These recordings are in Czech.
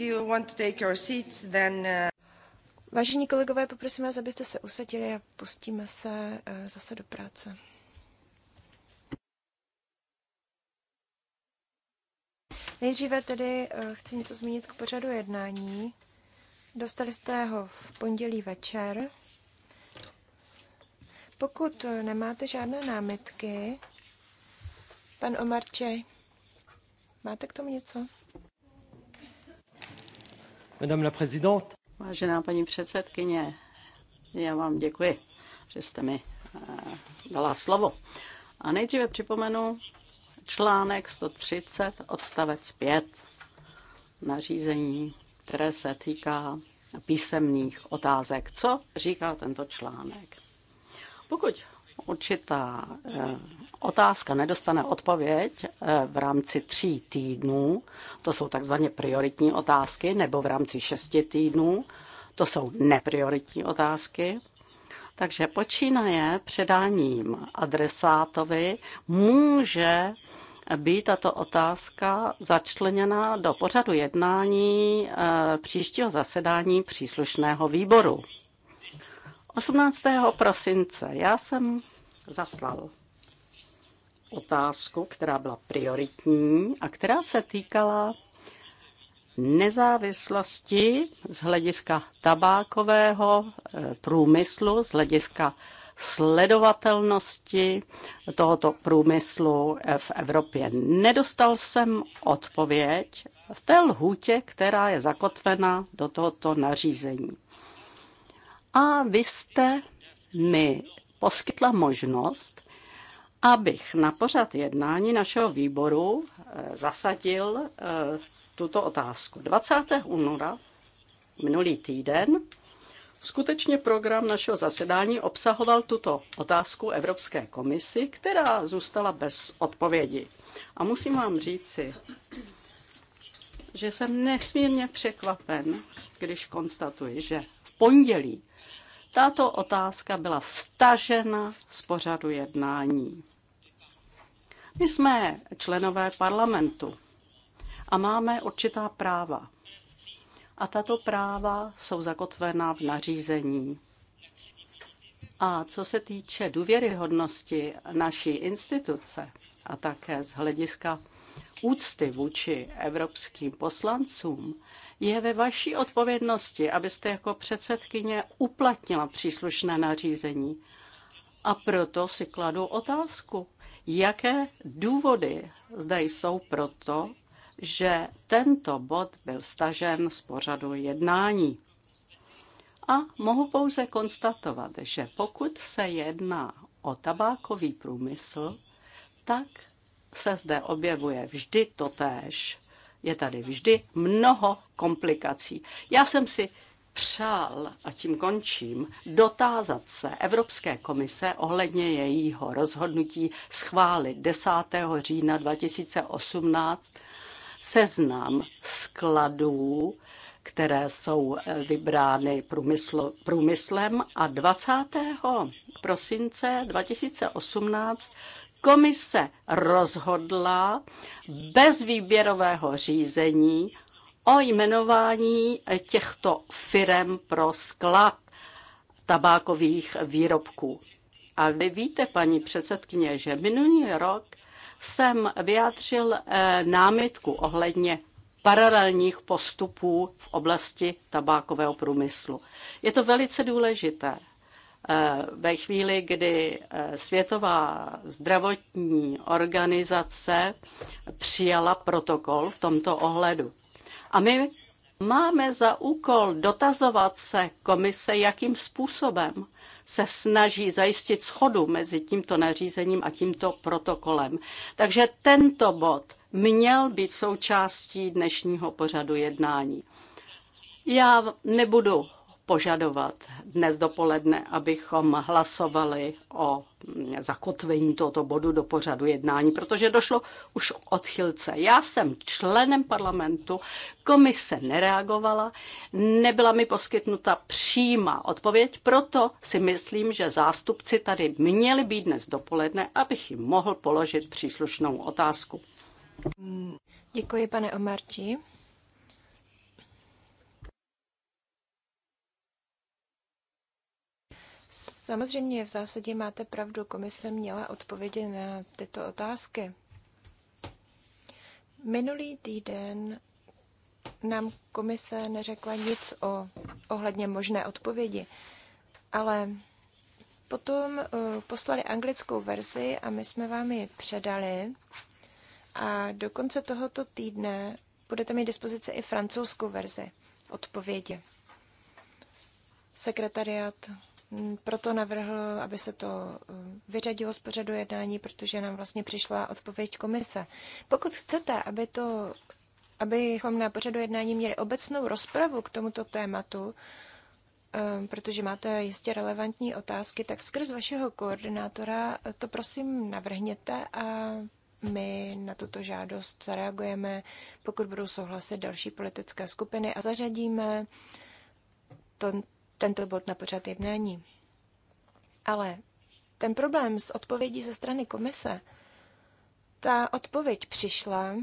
Uh, Vážení kolegové, poprosím vás, abyste se usadili a pustíme se eh, zase do práce. Nejdříve tedy eh, chci něco zmínit k pořadu jednání. Dostali jste ho v pondělí večer. Pokud eh, nemáte žádné námitky, pan Omarče, máte k tomu něco? Madame la présidente. Vážená paní předsedkyně, já vám děkuji, že jste mi eh, dala slovo. A nejdříve připomenu článek 130 odstavec 5 nařízení, které se týká písemných otázek. Co říká tento článek? Pokud určitá eh, otázka nedostane odpověď eh, v rámci tří týdnů, to jsou takzvaně prioritní otázky, nebo v rámci šesti týdnů, to jsou neprioritní otázky, takže počínaje předáním adresátovi může být tato otázka začleněna do pořadu jednání eh, příštího zasedání příslušného výboru. 18. prosince já jsem zaslal otázku, která byla prioritní a která se týkala nezávislosti z hlediska tabákového eh, průmyslu, z hlediska sledovatelnosti tohoto průmyslu v Evropě. Nedostal jsem odpověď v té lhůtě, která je zakotvena do tohoto nařízení. A vy jste mi poskytla možnost abych na pořad jednání našeho výboru eh, zasadil eh, tuto otázku. 20. února minulý týden skutečně program našeho zasedání obsahoval tuto otázku Evropské komisi, která zůstala bez odpovědi. A musím vám říci, že jsem nesmírně překvapen, když konstatuji, že v pondělí tato otázka byla stažena z pořadu jednání. My jsme členové parlamentu a máme určitá práva. A tato práva jsou zakotvená v nařízení. A co se týče důvěryhodnosti naší instituce a také z hlediska úcty vůči evropským poslancům, je ve vaší odpovědnosti, abyste jako předsedkyně uplatnila příslušné nařízení. A proto si kladu otázku, jaké důvody zde jsou proto, že tento bod byl stažen z pořadu jednání. A mohu pouze konstatovat, že pokud se jedná o tabákový průmysl, tak se zde objevuje vždy totéž. Je tady vždy mnoho komplikací. Já jsem si přál, a tím končím, dotázat se Evropské komise ohledně jejího rozhodnutí schválit 10. října 2018 seznam skladů, které jsou eh, vybrány průmysl, průmyslem a 20. prosince 2018 Komise rozhodla bez výběrového řízení o jmenování těchto firem pro sklad tabákových výrobků. A vy víte, paní předsedkyně, že minulý rok jsem vyjádřil eh, námitku ohledně paralelních postupů v oblasti tabákového průmyslu. Je to velice důležité. Eh, ve chvíli, kdy eh, Světová zdravotní organizace přijala protokol v tomto ohledu. A my máme za úkol dotazovat se komise, jakým způsobem se snaží zajistit schodu mezi tímto nařízením a tímto protokolem. Takže tento bod měl být součástí dnešního pořadu jednání. Já nebudu požadovat dnes dopoledne, abychom hlasovali o zakotvení tohoto bodu do pořadu jednání, protože došlo už k odchylce. Já jsem členem parlamentu, komise nereagovala, nebyla mi poskytnuta přímá odpověď, proto si myslím, že zástupci tady měli být dnes dopoledne, abych jim mohl položit příslušnou otázku. Děkuji, pane Omarči. Samozřejmě v zásadě máte pravdu, komise měla odpovědi na tyto otázky. Minulý týden nám komise neřekla nic o ohledně možné odpovědi, ale potom uh, poslali anglickou verzi a my jsme vám ji předali a do konce tohoto týdne budete mít dispozici i francouzskou verzi odpovědi. Sekretariat Mm, proto navrhl, aby se to eh, vyřadilo z pořadu jednání, protože nám vlastně přišla odpověď komise. Pokud chcete, aby to, abychom na pořadu jednání měli obecnou rozpravu k tomuto tématu, eh, protože máte jistě relevantní otázky, tak skrz vašeho koordinátora to prosím navrhněte a my na tuto žádost zareagujeme, pokud budou souhlasit další politické skupiny a zařadíme to, tento bod na pořad jednání. Ale ten problém s odpovědí ze strany komise, ta odpověď přišla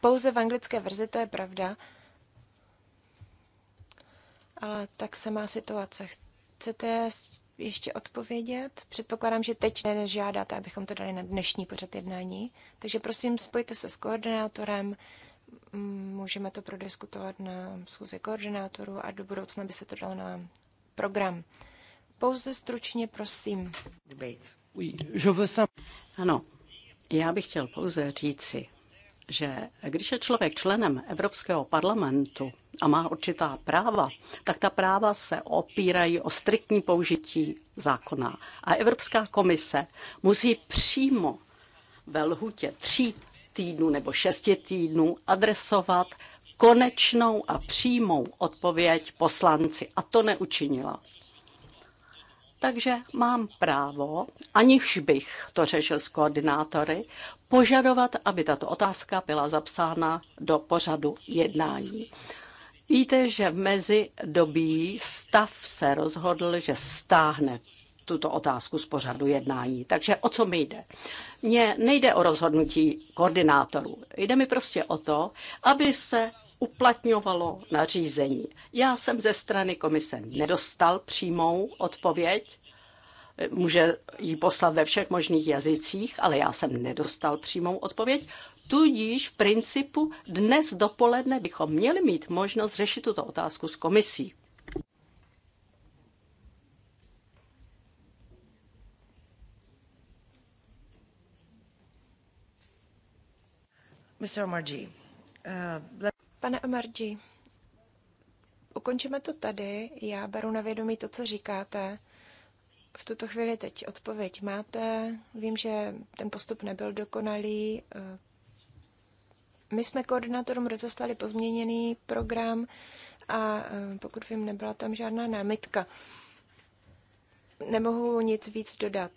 pouze v anglické verzi, to je pravda, ale tak se má situace. Chcete ještě odpovědět? Předpokládám, že teď nežádáte, abychom to dali na dnešní pořad jednání. Takže prosím, spojte se s koordinátorem, můžeme to prodiskutovat na schůzi koordinátorů a do budoucna by se to dalo na program. Pouze stručně, prosím. Ano, já bych chtěl pouze říci, že když je člověk členem Evropského parlamentu a má určitá práva, tak ta práva se opírají o striktní použití zákona. A Evropská komise musí přímo ve lhutě tří týdnů nebo šesti týdnů adresovat konečnou a přímou odpověď poslanci. A to neučinila. Takže mám právo, aniž bych to řešil s koordinátory, požadovat, aby tato otázka byla zapsána do pořadu jednání. Víte, že v dobí stav se rozhodl, že stáhne tuto otázku z pořadu jednání. Takže o co mi jde? Mně nejde o rozhodnutí koordinátorů. Jde mi prostě o to, aby se uplatňovalo nařízení. Já jsem ze strany komise nedostal přímou odpověď, může ji poslat ve všech možných jazycích, ale já jsem nedostal přímou odpověď. Tudíž v principu dnes dopoledne bychom měli mít možnost řešit tuto otázku s komisí. Eh, Pane Omarji, ukončíme to tady. Já beru na vědomí to, co říkáte. V tuto chvíli teď odpověď máte. Vím, že ten postup nebyl dokonalý. Eh, my jsme koordinátorům rozeslali pozměněný program a eh, pokud vím, nebyla tam žádná námitka. Nemohu nic víc dodat,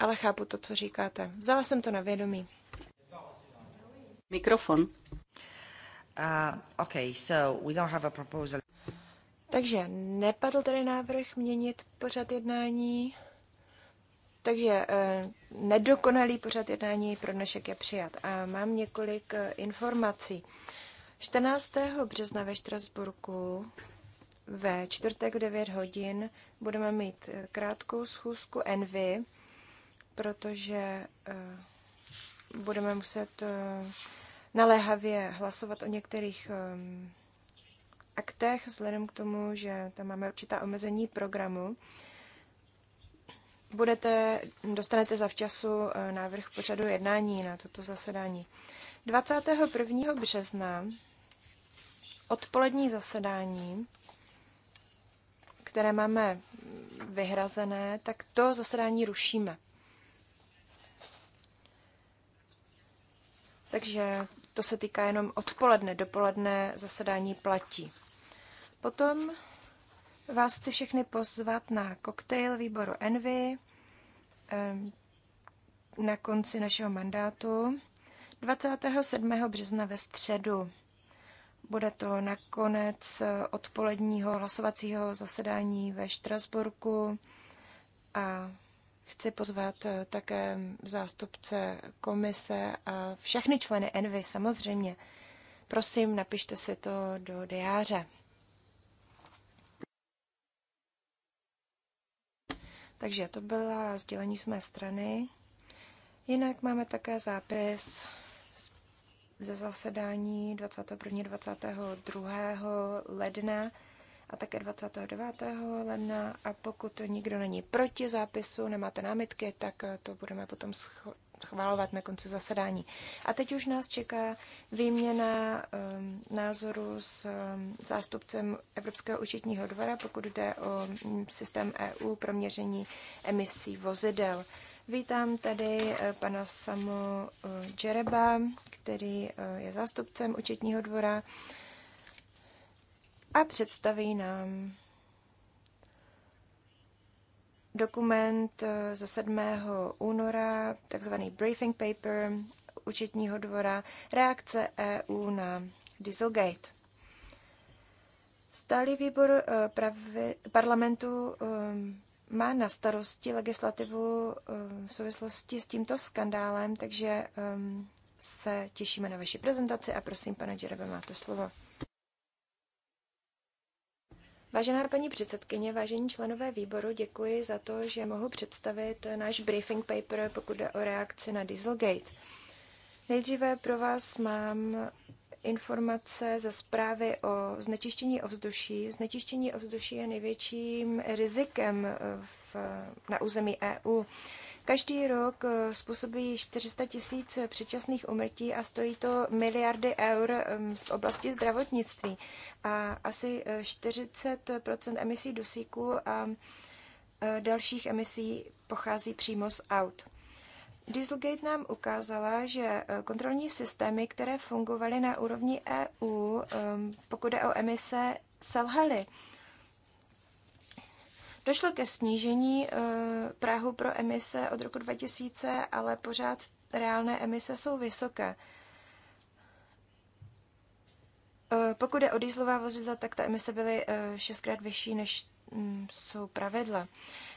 ale chápu to, co říkáte. Vzala jsem to na vědomí. Mikrofon. Uh, okay, so we don't have a proposal. Takže nepadl tady návrh měnit pořad jednání. Takže eh, nedokonalý pořad jednání pro dnešek je přijat. A mám několik eh, informací. 14. března ve Štrasburku ve čtvrtek v 9 hodin budeme mít eh, krátkou schůzku Envy, protože eh, budeme muset eh, naléhavě hlasovat o některých eh, aktech, vzhledem k tomu, že tam máme určitá omezení programu. Budete, dostanete za včasu eh, návrh pořadu jednání na toto zasedání. 21. března odpolední zasedání, které máme vyhrazené, tak to zasedání rušíme. Takže to se týká jenom odpoledne, dopoledne zasedání platí. Potom vás chci všechny pozvat na koktejl výboru Envy ehm, na konci našeho mandátu 27. března ve středu. Bude to nakonec odpoledního hlasovacího zasedání ve Štrasburku a Chci pozvat eh, také zástupce komise a všechny členy Envy samozřejmě. Prosím, napište si to do diáře. Takže to byla sdělení z mé strany. Jinak máme také zápis ze zasedání 21. 22. ledna a také 29. ledna. A pokud to nikdo není proti zápisu, nemáte námitky, tak eh, to budeme potom schvalovat na konci zasedání. A teď už nás čeká výměna um, názoru s um, zástupcem Evropského účetního dvora, pokud jde o um, systém EU pro měření emisí vozidel. Vítám tady eh, pana Samo eh, Džereba, který je zástupcem účetního dvora. Uh, a představí nám dokument eh, ze 7. února, takzvaný briefing paper účetního dvora, reakce EU na Dieselgate. Stálý výbor eh, pravi, parlamentu eh, má na starosti legislativu v souvislosti s tímto skandálem, takže se těšíme na vaši prezentaci a prosím, pane Džerebe, máte slovo. Vážená paní předsedkyně, vážení členové výboru, děkuji za to, že mohu představit náš briefing paper, pokud jde o reakci na Dieselgate. Nejdříve pro vás mám informace ze zprávy o znečištění ovzduší. Znečištění ovzduší je největším rizikem eh, v, na území EU. Každý rok eh, způsobí 400 tisíc předčasných umrtí a stojí to miliardy eur v oblasti zdravotnictví a asi 40 eh, emisí dusíku a eh, dalších emisí pochází přímo z aut. Dieselgate nám ukázala, že kontrolní systémy, které fungovaly na úrovni EU, pokud je o emise, selhaly. Došlo ke snížení eh, Prahu pro emise od roku 2000, ale pořád reálné emise jsou vysoké. Eh, pokud je o dýzlová vozidla, tak ta emise byly eh, šestkrát vyšší, než mm, jsou pravidla.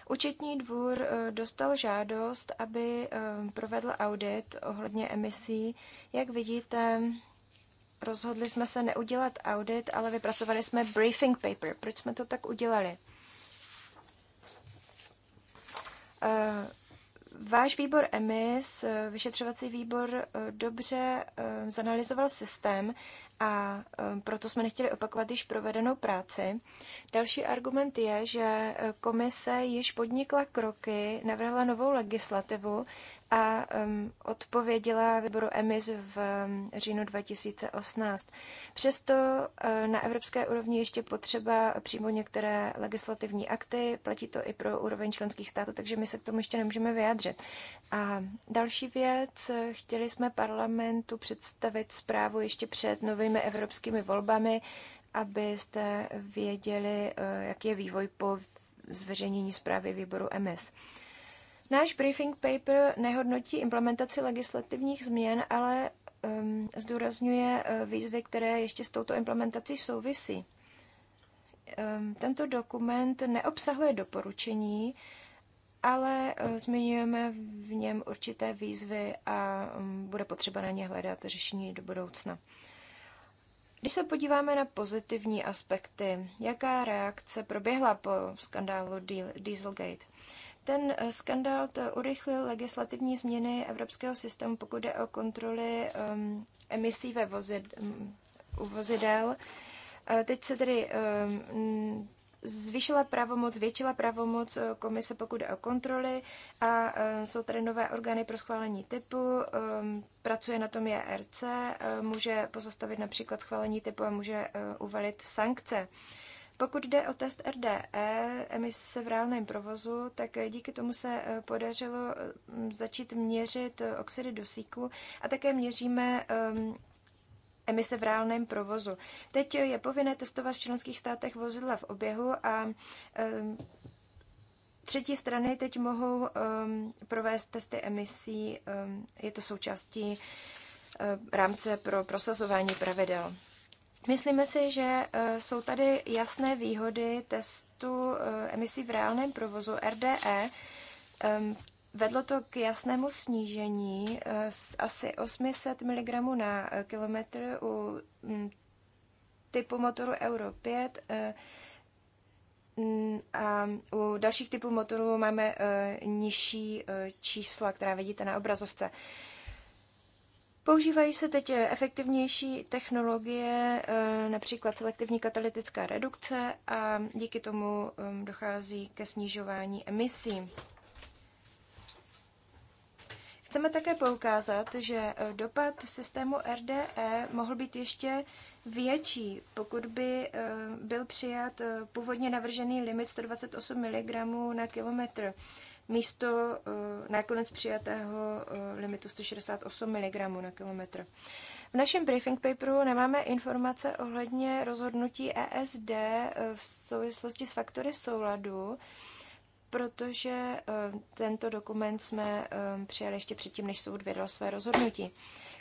Účetní dvůr dostal žádost, aby provedl audit ohledně emisí. Jak vidíte, rozhodli jsme se neudělat audit, ale vypracovali jsme briefing paper. Proč jsme to tak udělali? Eh, váš výbor EMIS, eh, vyšetřovací výbor, eh, dobře zanalizoval systém a proto jsme nechtěli opakovat již provedenou práci. Další argument je, že komise již podnikla kroky, navrhla novou legislativu a um, odpověděla výboru EMIS v um, říjnu 2018. Přesto uh, na evropské úrovni ještě potřeba přímo některé legislativní akty, platí to i pro úroveň členských států, takže my se k tomu ještě nemůžeme vyjádřit. A další věc, chtěli jsme parlamentu představit zprávu ještě před novými evropskými volbami, abyste věděli, uh, jaký je vývoj po zveřejnění zprávy výboru EMIS. Náš briefing paper nehodnotí implementaci legislativních změn, ale um, zdůrazňuje uh, výzvy, které ještě s touto implementací souvisí. Um, tento dokument neobsahuje doporučení, ale uh, zmiňujeme v něm určité výzvy a um, bude potřeba na ně hledat řešení do budoucna. Když se podíváme na pozitivní aspekty, jaká reakce proběhla po skandálu Dieselgate? Ten eh, skandál to urychlil legislativní změny evropského systému, pokud jde o kontroly um, emisí ve vozid, um, mm, u vozidel. Eh, teď se tedy um, zvýšila pravomoc, zvětšila pravomoc eh, komise, pokud jde o kontroly a jsou tady nové orgány pro schválení typu, ehm, pracuje na tom JRC, může pozastavit například schválení typu a může uvalit sankce. Pokud jde o test RDE, emise v reálném provozu, tak díky tomu se eh, podařilo mm, začít měřit eh, oxidy dusíku a také měříme ehm, emise v reálném provozu. Teď je povinné testovat v členských státech vozidla v oběhu a ehm, třetí strany teď mohou ehm, provést testy emisí. je to součástí eh, rámce pro prosazování pravidel. Myslíme si, že eh, jsou tady jasné výhody testu eh, emisí v reálném provozu RDE. Ehm, vedlo to k jasnému snížení eh, z asi 800 mg na kilometr u hm, typu motoru Euro 5 a u dalších typů motorů máme nižší čísla, která vidíte na obrazovce. Používají se teď efektivnější technologie, eh, například selektivní katalytická redukce a díky tomu eh, dochází ke snižování emisí. Chceme také poukázat, že eh, dopad systému RDE mohl být ještě větší, pokud by byl přijat původně navržený limit 128 mg na kilometr místo eh, nakonec přijatého eh, limitu 168 mg na kilometr. V našem briefing paperu nemáme informace ohledně rozhodnutí ESD eh, v souvislosti s faktory souladu, protože tento dokument jsme přijali ještě předtím, než soud vydal své rozhodnutí.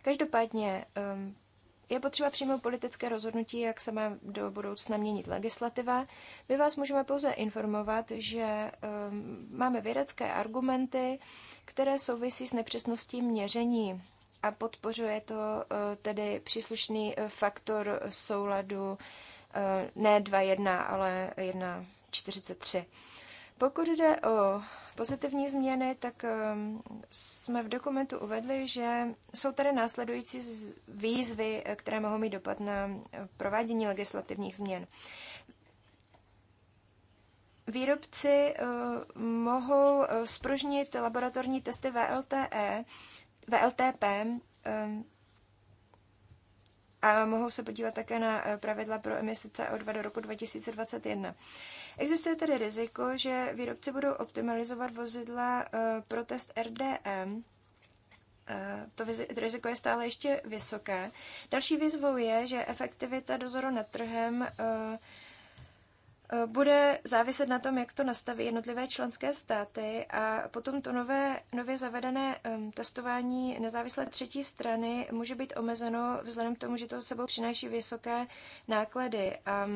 Každopádně je potřeba přijmout politické rozhodnutí, jak se má do budoucna měnit legislativa. My vás můžeme pouze informovat, že um, máme vědecké argumenty, které souvisí s nepřesností měření a podpořuje to uh, tedy příslušný uh, faktor souladu uh, ne 2.1, ale 1.43. Pokud jde o pozitivní změny, tak ehm, jsme v dokumentu uvedli, že jsou tady následující výzvy, eh, které mohou mít dopad na eh, provádění legislativních změn. Výrobci eh, mohou spružnit laboratorní testy VLTE, VLTP ehm, a mohou se podívat také na pravidla pro emise CO2 do roku 2021. Existuje tedy riziko, že výrobci budou optimalizovat vozidla eh, pro test RDM, eh, to riziko je stále ještě vysoké. Další výzvou je, že efektivita dozoru nad trhem eh, bude záviset na tom, jak to nastaví jednotlivé členské státy a potom to nové, nově zavedené testování nezávislé třetí strany může být omezeno vzhledem k tomu, že to sebou přináší vysoké náklady. A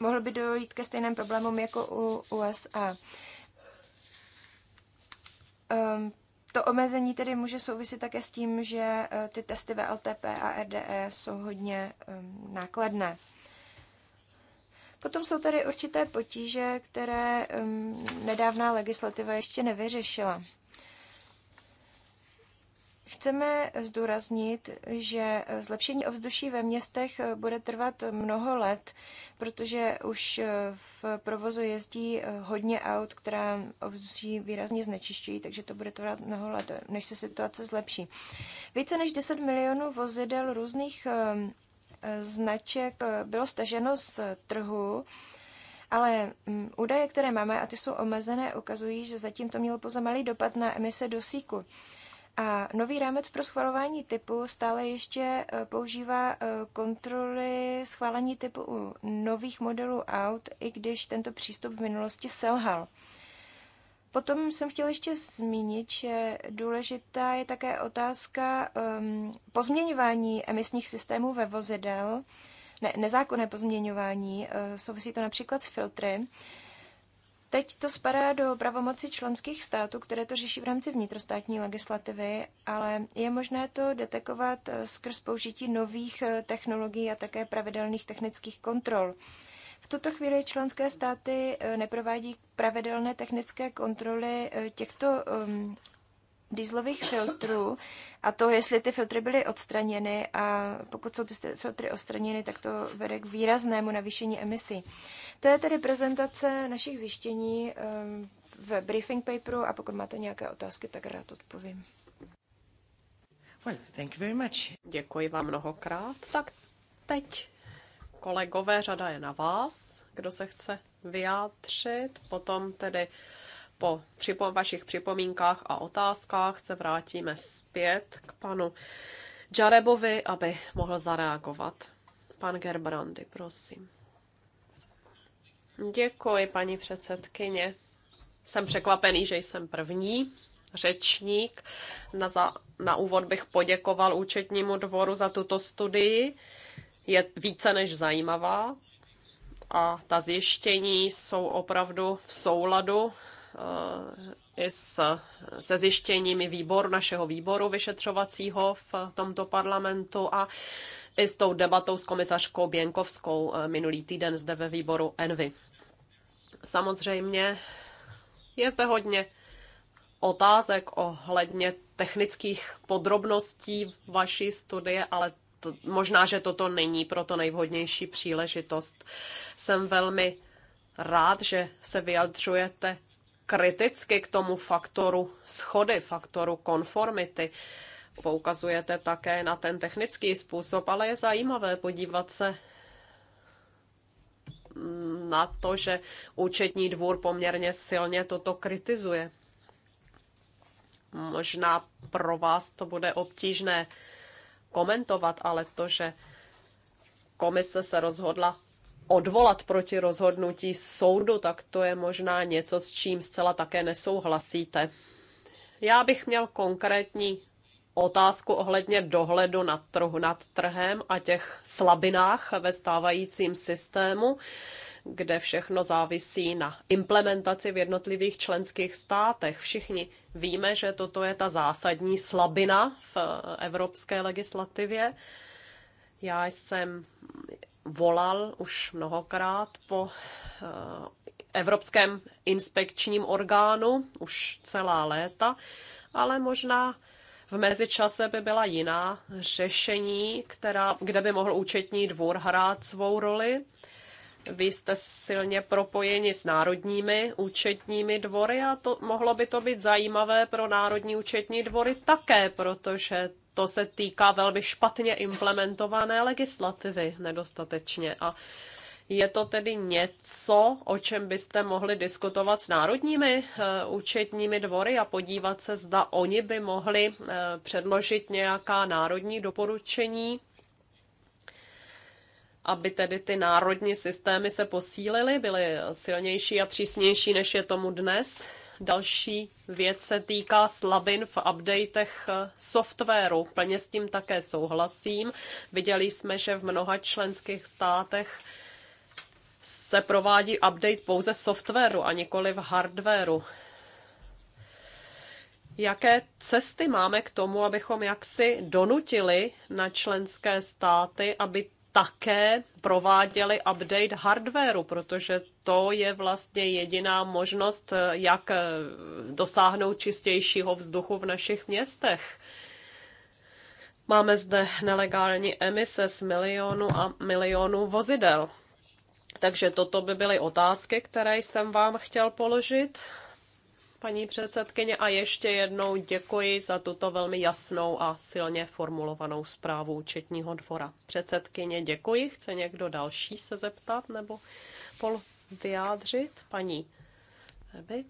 mohlo by dojít ke stejným problémům jako u USA. Um, ehm, to omezení tedy může souviset také s tím, že eh, ty testy VLTP a RDE jsou hodně um, nákladné. Potom jsou tady určité potíže, které um, nedávná legislativa ještě nevyřešila. Chceme zdůraznit, že zlepšení ovzduší ve městech bude trvat mnoho let, protože už v provozu jezdí hodně aut, která ovzduší výrazně znečišťují, takže to bude trvat mnoho let, než se situace zlepší. Více než 10 milionů vozidel různých um, značek uh, bylo staženo z trhu, ale um, údaje, které máme, a ty jsou omezené, ukazují, že zatím to mělo pouze malý dopad na emise dosíku. A nový rámec pro schvalování typu stále ještě e, používá e, kontroly schválení typu u nových modelů aut, i když tento přístup v minulosti selhal. Potom jsem chtěla ještě zmínit, že důležitá je také otázka um, pozměňování emisních systémů ve vozidel, ne, nezákonné pozměňování, uh, souvisí to například s filtry. Uh, Teď to spadá do pravomoci členských států, které to řeší v rámci vnitrostátní legislativy, ale je možné to detekovat eh, skrz použití nových eh, technologií a také pravidelných technických kontrol. V tuto chvíli členské státy eh, neprovádí pravidelné technické kontroly těchto um, dýzlových filtrů a to, jestli ty filtry byly odstraněny a pokud jsou ty filtry odstraněny, tak to vede k výraznému navýšení emisí. To je tedy prezentace našich zjištění ehm, v briefing paperu a pokud máte nějaké otázky, tak rád odpovím. Well, thank you very much. Děkuji vám mnohokrát. Tak teď, kolegové, řada je na vás, kdo se chce vyjádřit. Potom tedy po připo- vašich připomínkách a otázkách se vrátíme zpět k panu Jarebovi, aby mohl zareagovat. Pan Gerbrandy, prosím. Děkuji, paní předsedkyně. Jsem překvapený, že jsem první řečník. Na, za, na úvod bych poděkoval účetnímu dvoru za tuto studii. Je více než zajímavá a ta zjištění jsou opravdu v souladu eh, i s, se zjištěními výboru, našeho výboru vyšetřovacího v tomto parlamentu a i s tou debatou s komisařkou Běnkovskou eh, minulý týden zde ve výboru Envy. Samozřejmě je zde hodně otázek ohledně technických podrobností vaší studie, ale to, možná, že toto není proto nejvhodnější příležitost. Jsem velmi rád, že se vyjadřujete kriticky k tomu faktoru schody, faktoru konformity. Poukazujete také na ten technický způsob, ale je zajímavé podívat se na to, že účetní dvůr poměrně silně toto kritizuje. Možná pro vás to bude obtížné komentovat, ale to, že komise se rozhodla odvolat proti rozhodnutí soudu, tak to je možná něco, s čím zcela také nesouhlasíte. Já bych měl konkrétní otázku ohledně dohledu nad, trhu, nad trhem a těch slabinách ve stávajícím systému, kde všechno závisí na implementaci v jednotlivých členských státech. Všichni víme, že toto je ta zásadní slabina v evropské legislativě. Já jsem volal už mnohokrát po eh, Evropském inspekčním orgánu už celá léta, ale možná v mezičase by byla jiná řešení, která, kde by mohl účetní dvůr hrát svou roli. Vy jste silně propojeni s národními účetními dvory a to, mohlo by to být zajímavé pro národní účetní dvory také, protože to se týká velmi špatně implementované legislativy nedostatečně. A je to tedy něco, o čem byste mohli diskutovat s národními eh, účetními dvory a podívat se, zda oni by mohli eh, předložit nějaká národní doporučení, aby tedy ty národní systémy se posílily, byly silnější a přísnější, než je tomu dnes. Další věc se týká slabin v updatech eh, softwaru. Plně s tím také souhlasím. Viděli jsme, že v mnoha členských státech se provádí update pouze softwaru a nikoli v hardwaru. Jaké cesty máme k tomu, abychom jaksi donutili na členské státy, aby také prováděli update hardwareu, protože to je vlastně jediná možnost, jak dosáhnout čistějšího vzduchu v našich městech. Máme zde nelegální emise z milionu a milionů vozidel. Takže toto by byly otázky, které jsem vám chtěl položit paní předsedkyně, a ještě jednou děkuji za tuto velmi jasnou a silně formulovanou zprávu účetního dvora. Předsedkyně, děkuji. Chce někdo další se zeptat nebo pol vyjádřit? Paní Eby?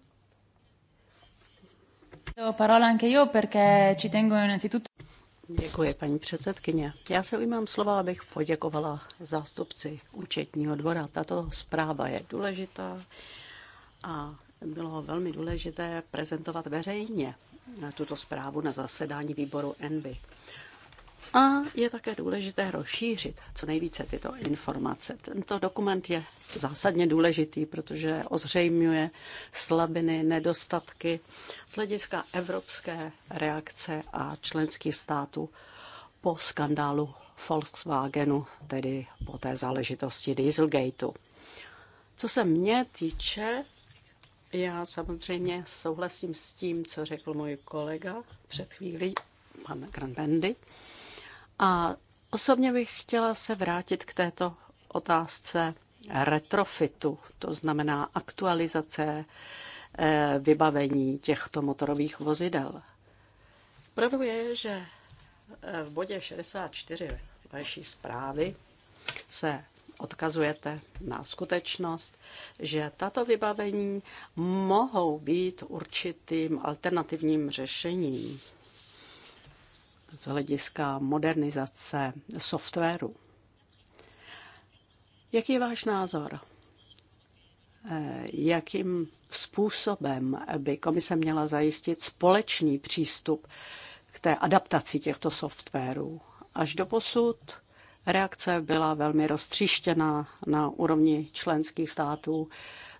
Děkuji, paní předsedkyně. Já se ujímám slova, abych poděkovala zástupci účetního dvora. Tato zpráva je důležitá a bylo velmi důležité prezentovat veřejně tuto zprávu na zasedání výboru ENVY. A je také důležité rozšířit co nejvíce tyto informace. Tento dokument je zásadně důležitý, protože ozřejmuje slabiny, nedostatky z hlediska evropské reakce a členských států po skandálu Volkswagenu, tedy po té záležitosti Dieselgateu. Co se mě týče, já samozřejmě souhlasím s tím, co řekl můj kolega před chvílí, pan Granbendy. A osobně bych chtěla se vrátit k této otázce retrofitu, to znamená aktualizace eh, vybavení těchto motorových vozidel. Pravdou je, že eh, v bodě 64 vaší zprávy se odkazujete na skutečnost, že tato vybavení mohou být určitým alternativním řešením z hlediska modernizace softwaru. Jaký je váš názor? Eh, jakým způsobem by komise měla zajistit společný přístup k té adaptaci těchto softwarů? Až do posud Reakce byla velmi roztříštěná na úrovni členských států.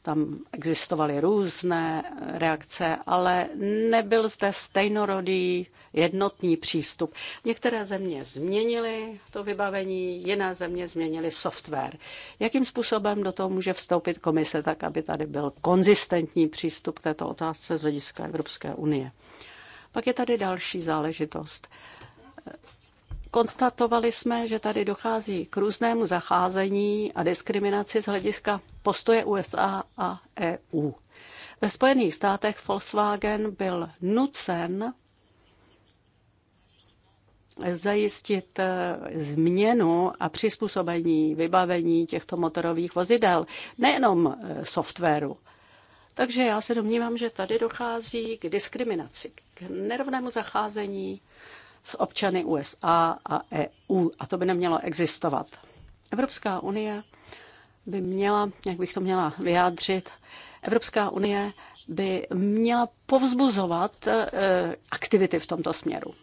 Tam existovaly různé reakce, ale nebyl zde stejnorodý jednotný přístup. Některé země změnily to vybavení, jiné země změnily software. Jakým způsobem do toho může vstoupit komise, tak aby tady byl konzistentní přístup k této otázce z hlediska Evropské unie? Pak je tady další záležitost. Konstatovali jsme, že tady dochází k různému zacházení a diskriminaci z hlediska postoje USA a EU. Ve Spojených státech Volkswagen byl nucen zajistit eh, změnu a přizpůsobení vybavení těchto motorových vozidel, nejenom eh, softwaru. Takže já se domnívám, že tady dochází k diskriminaci, k nerovnému zacházení s občany USA a EU. A to by nemělo existovat. Evropská unie by měla, jak bych to měla vyjádřit, Evropská unie by měla povzbuzovat e, aktivity v tomto směru.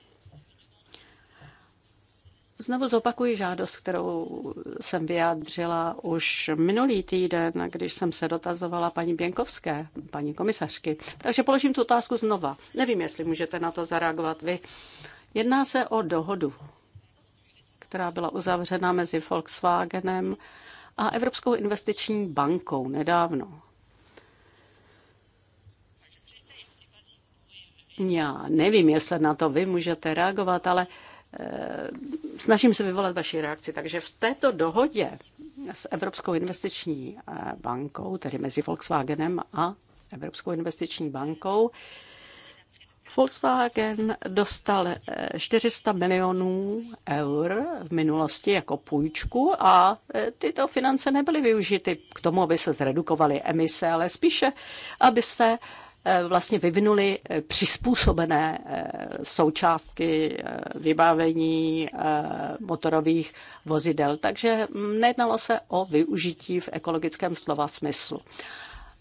Znovu zopakuji žádost, kterou jsem vyjádřila už minulý týden, když jsem se dotazovala paní Běnkovské, paní komisařky. Takže položím tu otázku znova. Nevím, jestli můžete na to zareagovat vy. Jedná se o dohodu, která byla uzavřena mezi Volkswagenem a Evropskou investiční bankou nedávno. Já nevím, jestli na to vy můžete reagovat, ale e, snažím se vyvolat vaši reakci. Takže v této dohodě s Evropskou investiční eh, bankou, tedy mezi Volkswagenem a Evropskou investiční bankou, Volkswagen dostal 400 eh, milionů eur v minulosti jako půjčku a eh, tyto finance nebyly využity k tomu, aby se zredukovaly emise, ale spíše, aby se eh, vlastně vyvinuli přizpůsobené součástky vybavení motorových vozidel. Takže mm, nejednalo se o využití v ekologickém slova smyslu.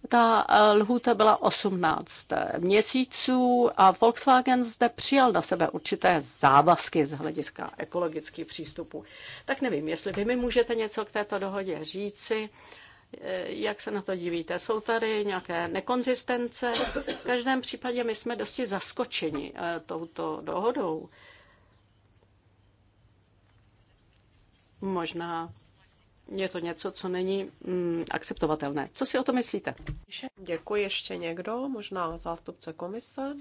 Ta eh, lhůta byla 18 eh, měsíců a Volkswagen zde přijal na sebe určité závazky z hlediska ekologických přístupů. Tak nevím, jestli vy mi můžete něco k této dohodě říci, eh, jak se na to divíte? Jsou tady nějaké nekonzistence? V každém případě my jsme dosti zaskočeni touto dohodou. Možná je to něco, co není mm, akceptovatelné. Co si o to myslíte? Děkuji ještě někdo, možná zástupce komise.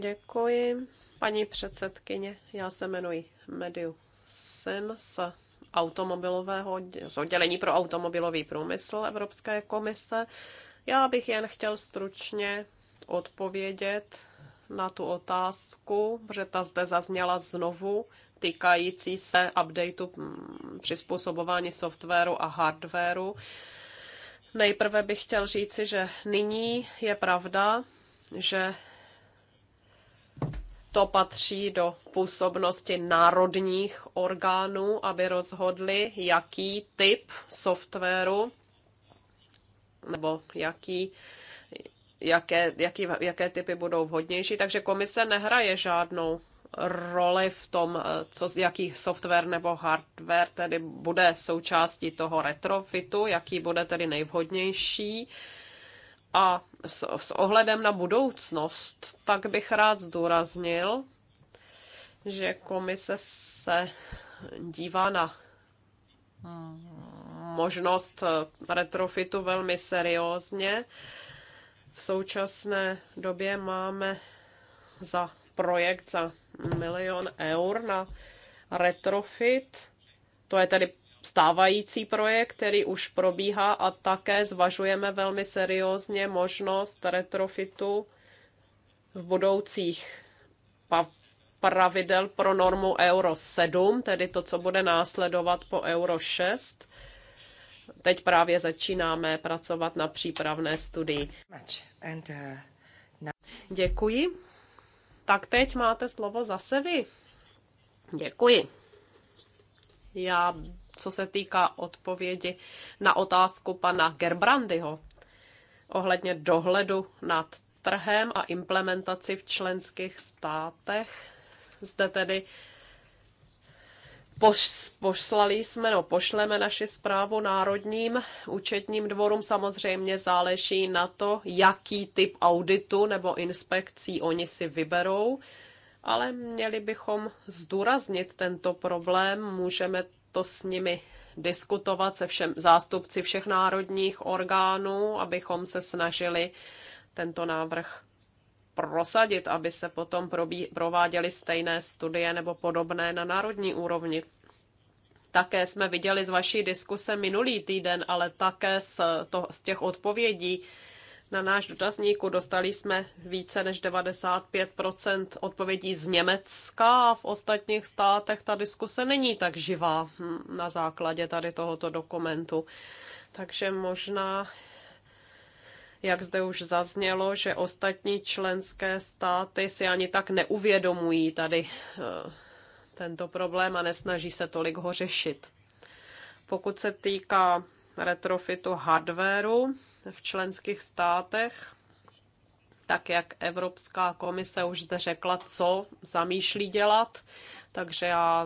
Děkuji. Paní předsedkyně, já se jmenuji Mediu Syn z automobilového, z oddělení pro automobilový průmysl Evropské komise. Já bych jen chtěl stručně odpovědět na tu otázku, protože ta zde zazněla znovu, týkající se updateu mm, přizpůsobování softwaru a hardwaru. Nejprve bych chtěl říci, že nyní je pravda, že to patří do působnosti národních orgánů, aby rozhodli, jaký typ softwaru nebo jaký jaké, jaký, jaké typy budou vhodnější, takže komise nehraje žádnou roli v tom, eh, co, jaký software nebo hardware tedy bude součástí toho retrofitu, jaký bude tedy nejvhodnější. A s, s ohledem na budoucnost, tak bych rád zdůraznil, že komise se dívá na možnost eh, retrofitu velmi seriózně v současné době máme za projekt za milion eur na retrofit. To je tedy stávající projekt, který už probíhá a také zvažujeme velmi seriózně možnost retrofitu v budoucích pravidel pro normu Euro 7, tedy to, co bude následovat po Euro 6 teď právě začínáme pracovat na přípravné studii. Děkuji. Tak teď máte slovo zase vy. Děkuji. Já, co se týká odpovědi na otázku pana Gerbrandyho ohledně dohledu nad trhem a implementaci v členských státech, zde tedy Poslali jsme, no pošleme naši zprávu národním účetním dvorům. Samozřejmě záleží na to, jaký typ auditu nebo inspekcí oni si vyberou, ale měli bychom zdůraznit tento problém. Můžeme to s nimi diskutovat se všem zástupci všech národních orgánů, abychom se snažili tento návrh prosadit, aby se potom probí, prováděly stejné studie nebo podobné na národní úrovni. Také jsme viděli z vaší diskuse minulý týden, ale také z, to, z těch odpovědí na náš dotazníku dostali jsme více než 95 odpovědí z Německa a v ostatních státech ta diskuse není tak živá hm, na základě tady tohoto dokumentu. Takže možná jak zde už zaznělo, že ostatní členské státy si ani tak neuvědomují tady eh, tento problém a nesnaží se tolik ho řešit. Pokud se týká retrofitu hardwareu v členských státech, tak jak Evropská komise už zde řekla, co zamýšlí dělat, takže já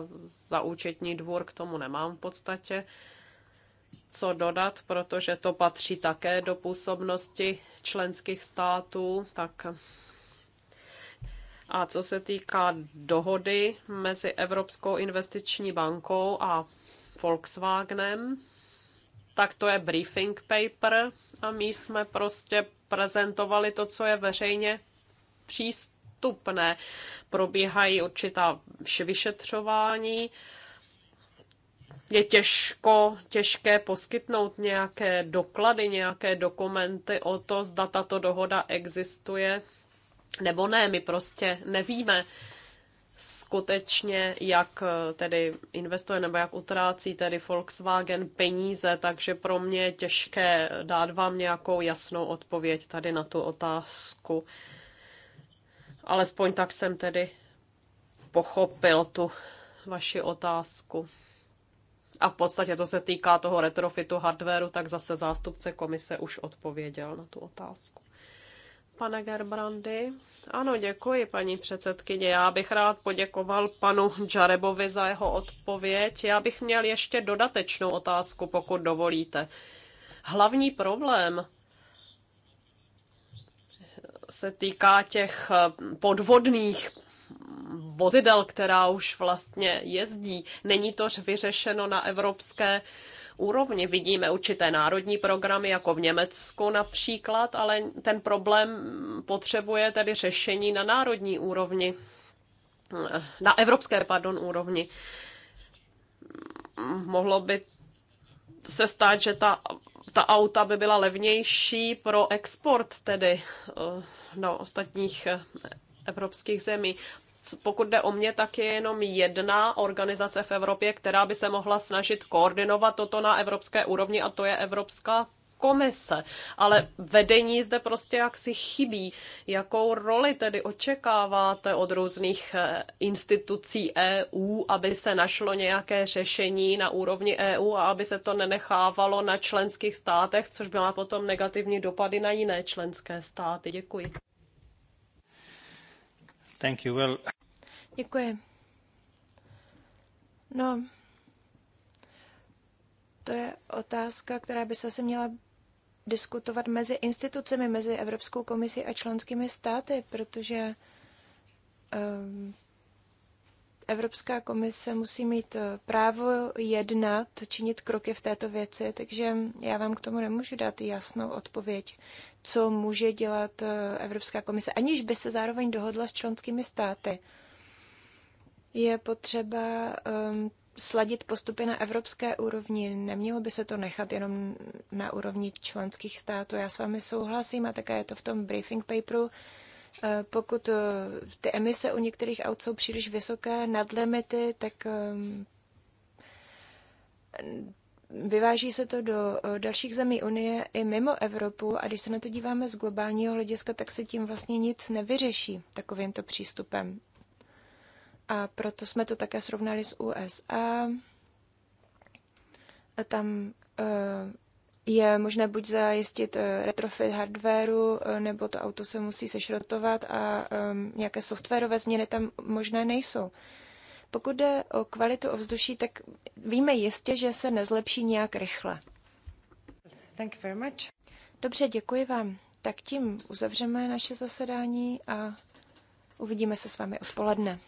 za účetní dvůr k tomu nemám v podstatě co dodat, protože to patří také do působnosti členských států, tak a co se týká dohody mezi Evropskou investiční bankou a Volkswagenem, tak to je briefing paper a my jsme prostě prezentovali to, co je veřejně přístupné. Probíhají určitá vyšetřování je těžko, těžké poskytnout nějaké doklady, nějaké dokumenty o to, zda tato dohoda existuje nebo ne. My prostě nevíme skutečně, jak eh, tedy investuje nebo jak utrácí tedy Volkswagen peníze, takže pro mě je těžké dát vám nějakou jasnou odpověď tady na tu otázku. Alespoň tak jsem tedy pochopil tu vaši otázku. A v podstatě, co se týká toho retrofitu hardwareu, tak zase zástupce komise už odpověděl na tu otázku. Pane Gerbrandy. Ano, děkuji, paní předsedkyně. Já bych rád poděkoval panu Džarebovi za jeho odpověď. Já bych měl ještě dodatečnou otázku, pokud dovolíte. Hlavní problém se týká těch podvodných vozidel, která už vlastně jezdí. Není to vyřešeno na evropské úrovni. Vidíme určité národní programy, jako v Německu například, ale ten problém potřebuje tedy řešení na národní úrovni, na evropské, pardon, úrovni. Mohlo by se stát, že ta, ta auta by byla levnější pro export tedy do eh, ostatních eh, evropských zemí pokud jde o mě, tak je jenom jedna organizace v Evropě, která by se mohla snažit koordinovat toto na evropské úrovni a to je Evropská komise. Ale vedení zde prostě jaksi chybí. Jakou roli tedy očekáváte od různých eh, institucí EU, aby se našlo nějaké řešení na úrovni EU a aby se to nenechávalo na členských státech, což by má potom negativní dopady na jiné členské státy? Děkuji. Děkuji. No, to je otázka, která by se asi měla diskutovat mezi institucemi, mezi Evropskou komisí a členskými státy, protože um, Evropská komise musí mít eh, právo jednat, činit kroky v této věci, takže já vám k tomu nemůžu dát jasnou odpověď, co může dělat eh, Evropská komise, aniž by se zároveň dohodla s členskými státy. Je potřeba um, sladit postupy na evropské úrovni. Nemělo by se to nechat jenom na úrovni členských států. Já s vámi souhlasím a také je to v tom briefing paperu. Eh, pokud eh, ty emise u některých aut jsou příliš vysoké nad limity, tak ehm, vyváží se to do eh, dalších zemí Unie i mimo Evropu a když se na to díváme z globálního hlediska, tak se tím vlastně nic nevyřeší takovýmto přístupem. A proto jsme to také srovnali s USA. A tam je možné buď zajistit eh, retrofit hardwareu, eh, nebo to auto se musí sešrotovat a ehm, nějaké softwarové změny tam možné nejsou. Pokud jde o kvalitu ovzduší, tak víme jistě, že se nezlepší nějak rychle. Thank you very much. Dobře, děkuji vám. Tak tím uzavřeme naše zasedání a uvidíme se s vámi odpoledne.